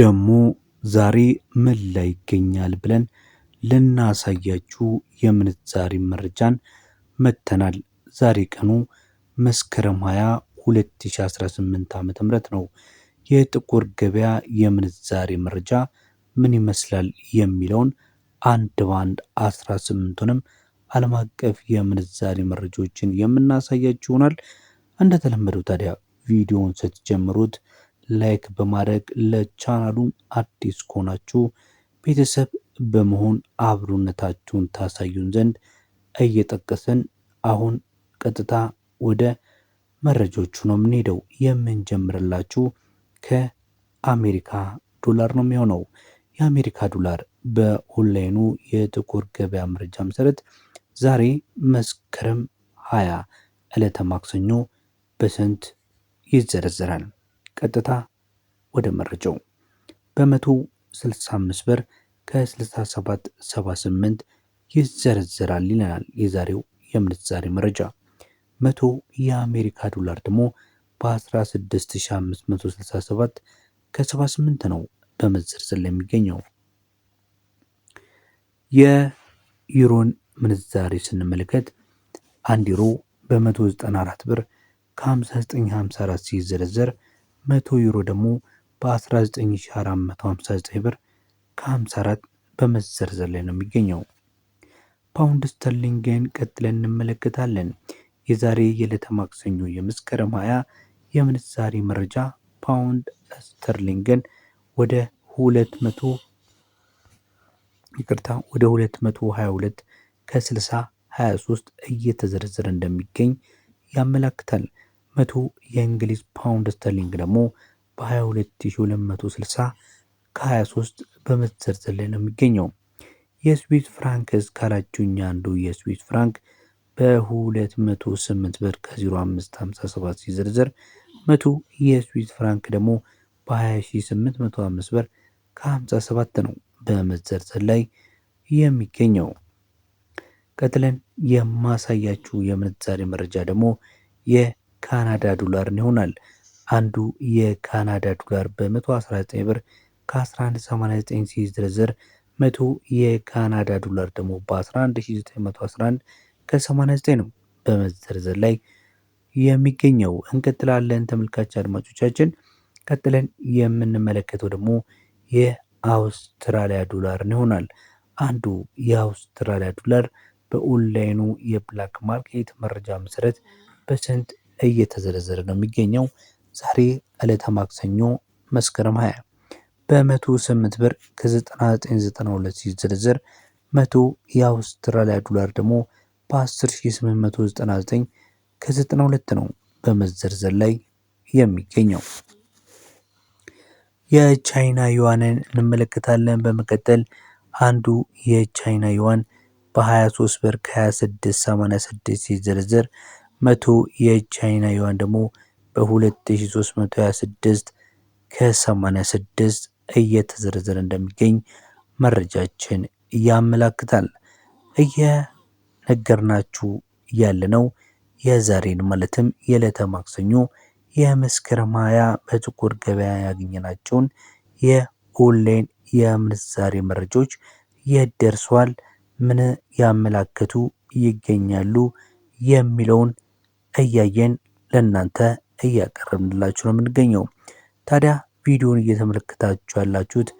ደግሞ ዛሬ ምን ላይ ይገኛል ብለን ልናሳያችሁ የምንዛሬ መረጃን መጥተናል። ዛሬ ቀኑ መስከረም 20 2018 ዓ ም ነው። የጥቁር ገበያ የምንዛሬ መረጃ ምን ይመስላል የሚለውን አንድ በአንድ 18ቱንም ዓለም አቀፍ የምንዛሬ መረጃዎችን የምናሳያችሁ ይሆናል። እንደተለመደው ታዲያ ቪዲዮውን ስትጀምሩት ላይክ በማድረግ ለቻናሉ አዲስ ከሆናችሁ ቤተሰብ በመሆን አብሮነታችሁን ታሳዩን ዘንድ እየጠቀሰን አሁን ቀጥታ ወደ መረጃዎቹ ነው የምንሄደው። የምንጀምርላችሁ ከአሜሪካ ዶላር ነው የሚሆነው። የአሜሪካ ዶላር በኦንላይኑ የጥቁር ገበያ መረጃ መሰረት ዛሬ መስከረም 20 ዕለተ ማክሰኞ በስንት ይዘረዘራል? ቀጥታ ወደ መረጃው በ165 ብር ከ6778 ይዘረዘራል ይለናል የዛሬው የምንዛሬ መረጃ። መቶ የአሜሪካ ዶላር ደግሞ በ16567 ከ78 ነው በመዘርዘር ላይ የሚገኘው። የዩሮን ምንዛሬ ስንመለከት አንድ ዩሮ በ194 ብር ከ5954 ሲዘረዘር መቶ ዩሮ ደግሞ በ19459 ብር ከ54 በመዘርዘር ላይ ነው የሚገኘው። ፓውንድ ስተርሊንግን ቀጥለን እንመለከታለን። የዛሬ የዕለተ ማክሰኞ የመስከረም 20 የምንዛሬ መረጃ ፓውንድ ስተርሊንግን ወደ 200 ይቅርታ ወደ 222 ከ60 23 እየተዘረዘረ እንደሚገኝ ያመላክታል። መቶ የእንግሊዝ ፓውንድ ስተርሊንግ ደግሞ በ22260 ከ23 በመዘርዘር ላይ ነው የሚገኘው። የስዊስ ፍራንክ እስካላችሁኝ አንዱ የስዊስ ፍራንክ በ208 ብር ከ0557 ሲዘርዘር መቶ የስዊስ ፍራንክ ደግሞ በ20805 ብር ከ57 ነው በመዘርዘር ላይ የሚገኘው። ቀጥለን የማሳያችሁ የምንዛሬ መረጃ ደግሞ የ ካናዳ ዶላርን ይሆናል። አንዱ የካናዳ ዶላር በ119 ብር ከ1189 ሲዘረዘር 100 የካናዳ ዶላር ደግሞ በ11911 ከ89 ነው በመዘርዘር ላይ የሚገኘው። እንቀጥላለን ተመልካች አድማጮቻችን። ቀጥለን የምንመለከተው ደግሞ የአውስትራሊያ ዶላርን ይሆናል። አንዱ የአውስትራሊያ ዶላር በኦንላይኑ የብላክ ማርኬት መረጃ መሰረት በስንት እየተዘረዘረ ነው የሚገኘው። ዛሬ ዕለተ ማክሰኞ መስከረም 20 በ108 ብር ከ9992 ሲዘረዘር 100 የአውስትራሊያ ዶላር ደግሞ በ10899 ከ92 ነው በመዘርዘር ላይ የሚገኘው። የቻይና ዩዋንን እንመለከታለን። በመቀጠል አንዱ የቻይና ዩዋን በ23 ብር ከ2686 ሲዘረዘር መቶ የቻይና ዩዋን ደግሞ በ2326 ከ86 እየተዘረዘረ እንደሚገኝ መረጃችን ያመላክታል። እየነገርናችሁ ነው የዛሬን ማለትም የዕለተ ማክሰኞ የመስከረም ሃያ በጥቁር ገበያ ያገኘናቸውን የኦንላይን የምንዛሬ መረጃዎች የት ደርሰዋል ምን ያመላከቱ ይገኛሉ የሚለውን እያየን ለእናንተ እያቀረብንላችሁ ነው የምንገኘው። ታዲያ ቪዲዮውን እየተመለከታችሁ ያላችሁት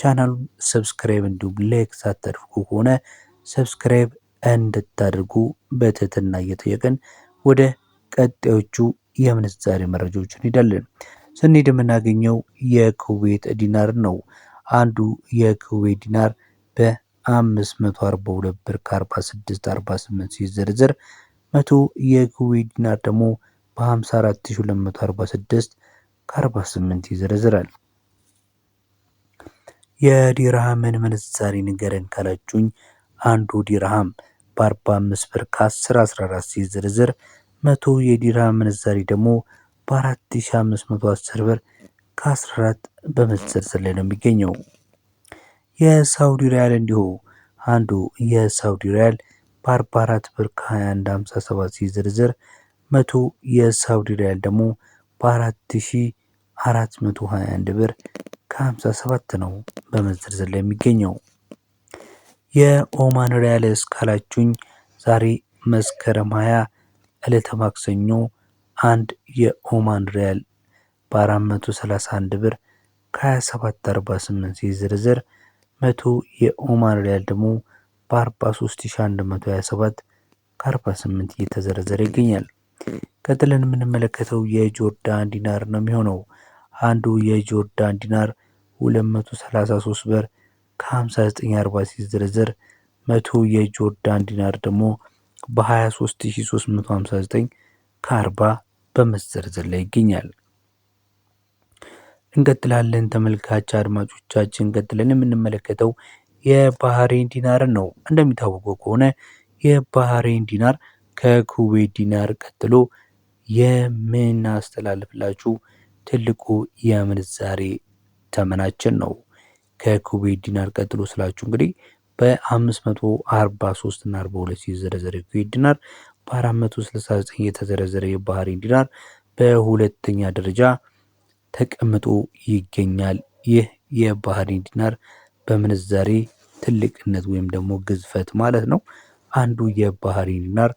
ቻናሉን ሰብስክራይብ እንዲሁም ላይክ ሳታደርጉ ከሆነ ሰብስክራይብ እንድታደርጉ በትህትና እየጠየቅን ወደ ቀጣዮቹ የምንዛሬ መረጃዎች እንሄዳለን። ስንሄድ የምናገኘው የኩዌት ዲናር ነው። አንዱ የኩዌት ዲናር በ542 ብር ከ46 48 መቶ የኩዌት ዲናር ደግሞ በ54246 ከ48 ይዘረዝራል። የዲርሃምን ምንዛሬ ንገረን ካላችሁኝ አንዱ ዲርሃም በ45 ብር ከ1014 ሲዘረዝር መቶ የዲርሃም ምንዛሬ ደግሞ በ4510 ብር ከ14 በመዘርዘር ላይ ነው የሚገኘው። የሳውዲ ሪያል እንዲሁ አንዱ የሳውዲ ሪያል በ44 ብር ከ2157 ሲዘረዘር 100 የሳውዲ ሪያል ደግሞ በ4421 ብር ከ57 ነው በመዝርዝር ላይ የሚገኘው። የኦማን ሪያል እስካላችሁኝ ዛሬ መስከረም 20 ዕለተ ማክሰኞ አንድ የኦማን ሪያል በ431 ብር ከ2748 ሲዘረዘር 100 የኦማን ሪያል ደግሞ በ43127 ከ48 እየተዘረዘረ ይገኛል። ቀጥለን የምንመለከተው የጆርዳን ዲናር ነው የሚሆነው። አንዱ የጆርዳን ዲናር 233 ብር ከ5940 ሲዘረዘር መቶ የጆርዳን ዲናር ደግሞ በ23359 ከ40 በመዘርዘር ላይ ይገኛል። እንቀጥላለን ተመልካች አድማጮቻችን፣ ቀጥለን የምንመለከተው የባህሬን ዲናርን ነው። እንደሚታወቀው ከሆነ የባህሬን ዲናር ከኩዌት ዲናር ቀጥሎ የምናስተላልፍላችሁ ትልቁ የምንዛሬ ተመናችን ነው። ከኩዌት ዲናር ቀጥሎ ስላችሁ እንግዲህ በ543 እና 42 የተዘረዘረ የኩዌት ዲናር፣ በ469 የተዘረዘረ የባህሬን ዲናር በሁለተኛ ደረጃ ተቀምጦ ይገኛል። ይህ የባህሬን ዲናር በምንዛሬ ትልቅነት ወይም ደግሞ ግዝፈት ማለት ነው። አንዱ የባህሪ ዲናር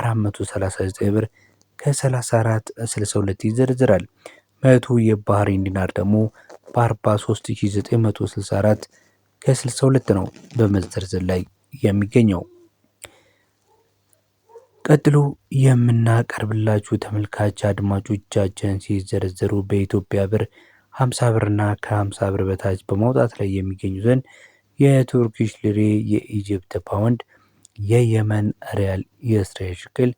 439 ብር ከ34 62 ይዘረዝራል። መቶ የባህሬን ዲናር ደግሞ በ43964 ከ62 ነው በመዘርዘር ላይ የሚገኘው። ቀጥሎ የምናቀርብላችሁ ተመልካች አድማጮቻችን ሲዘረዘሩ በኢትዮጵያ ብር 50 ብርና ከ50 ብር በታች በማውጣት ላይ የሚገኙትን የቱርኪሽ ሊሪ፣ የኢጅፕት ፓውንድ፣ የየመን ሪያል፣ የእስራኤል ሽክል፣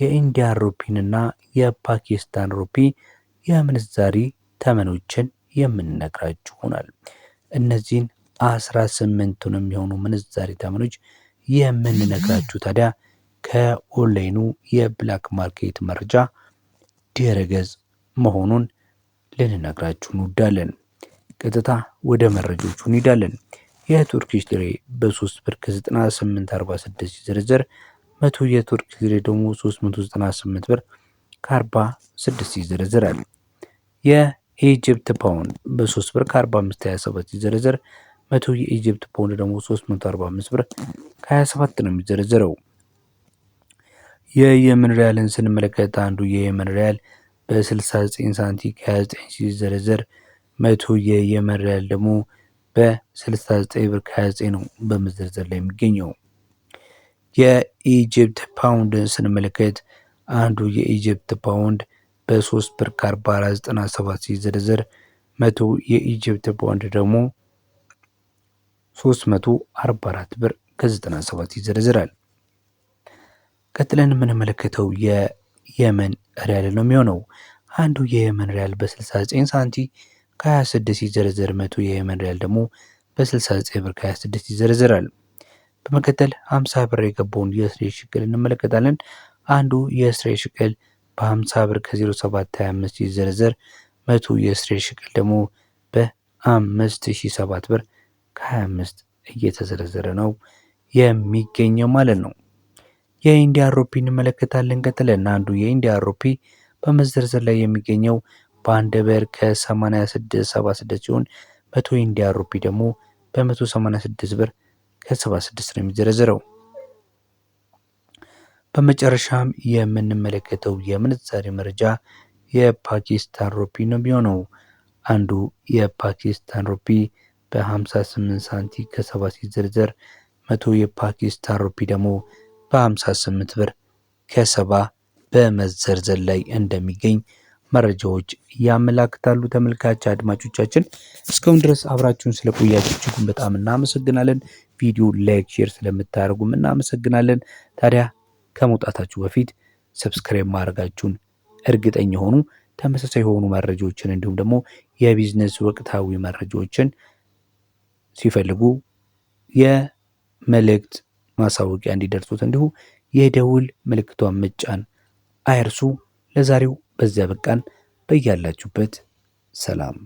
የኢንዲያን ሩፒንና የፓኪስታን ሩፒ የምንዛሪ ተመኖችን የምንነግራችሁ ይሆናል። እነዚህን አስራ ስምንቱን የሚሆኑ ምንዛሪ ተመኖች የምንነግራችሁ ታዲያ ከኦንላይኑ የብላክ ማርኬት መረጃ ድረገጽ መሆኑን ልንነግራችሁ እንወዳለን። ቀጥታ ወደ መረጆቹ እንሄዳለን። የቱርኪሽ ሊሬ በ3 ብር ከ9846 ሲዘረዘር 100 የቱርክ ሊሬ ደግሞ 398 ብር ከ46 ይዘረዘራል። የኢጅፕት ፓውንድ በ3 ብር ከ4527 ሲዘረዘር 100 የኢጅፕት ፓውንድ ደግሞ 345 ብር ከ27 ነው የሚዘረዘረው። የየመን ሪያልን ስንመለከት አንዱ የየመን ሪያል በ69 ሳንቲ ከ29 ሲዘረዘር 100 የየመን ሪያል ደግሞ በ69 ብር ከ29 ነው በመዘርዘር ላይ የሚገኘው። የኢጅፕት ፓውንድ ስንመለከት አንዱ የኢጅፕት ፓውንድ በ3 ብር ከ4497 ሲዘረዘር መቶ የኢጅፕት ፓውንድ ደግሞ 344 ብር ከ97 ይዘረዝራል። ቀጥለን የምንመለከተው የየመን ሪያል ነው የሚሆነው። አንዱ የየመን ሪያል በ69 ሳንቲ ከ26 ሲዘረዘር መቶ የየመን ሪያል ደግሞ በ69 ብር ከ26 ይዘረዘራል። በመከተል 50 ብር የገባውን የእስራኤል ሽቅል እንመለከታለን። አንዱ የእስራኤል ሽቅል በ50 ብር ከ0725 ሲዘረዘር መቶ የእስራኤል ሽቅል ደግሞ በ5007 ብር ከ25 እየተዘረዘረ ነው የሚገኘው ማለት ነው። የኢንዲያ ሮፒ እንመለከታለን። ቀጥለን አንዱ የኢንዲያ ሮፒ በመዘርዘር ላይ የሚገኘው በአንድ ብር ከ86.76 ሲሆን ኢንዲያ ሩፒ ደግሞ በ186 ብር ከ76 ነው የሚዘረዝረው። በመጨረሻም የምንመለከተው የምንዛሬ መረጃ የፓኪስታን ሩፒ ነው የሚሆነው። አንዱ የፓኪስታን ሩፒ በ58 ሳንቲ ከ 7 ሲዘርዘር መቶ የፓኪስታን ሩፒ ደግሞ በ58 ብር ከ 7 በመዘርዘር ላይ እንደሚገኝ መረጃዎች ያመላክታሉ። ተመልካች አድማጮቻችን እስካሁን ድረስ አብራችሁን ስለቆያችሁ እጅጉን በጣም እናመሰግናለን። ቪዲዮ ላይክ፣ ሼር ስለምታደርጉም እናመሰግናለን። ታዲያ ከመውጣታችሁ በፊት ሰብስክራይብ ማድረጋችሁን እርግጠኛ ሆኑ። ተመሳሳይ የሆኑ መረጃዎችን እንዲሁም ደግሞ የቢዝነስ ወቅታዊ መረጃዎችን ሲፈልጉ የመልእክት ማሳወቂያ እንዲደርሱት እንዲሁ የደውል ምልክቷን መጫን አይርሱ። ለዛሬው በዚያ በቃን። በያላችሁበት ሰላም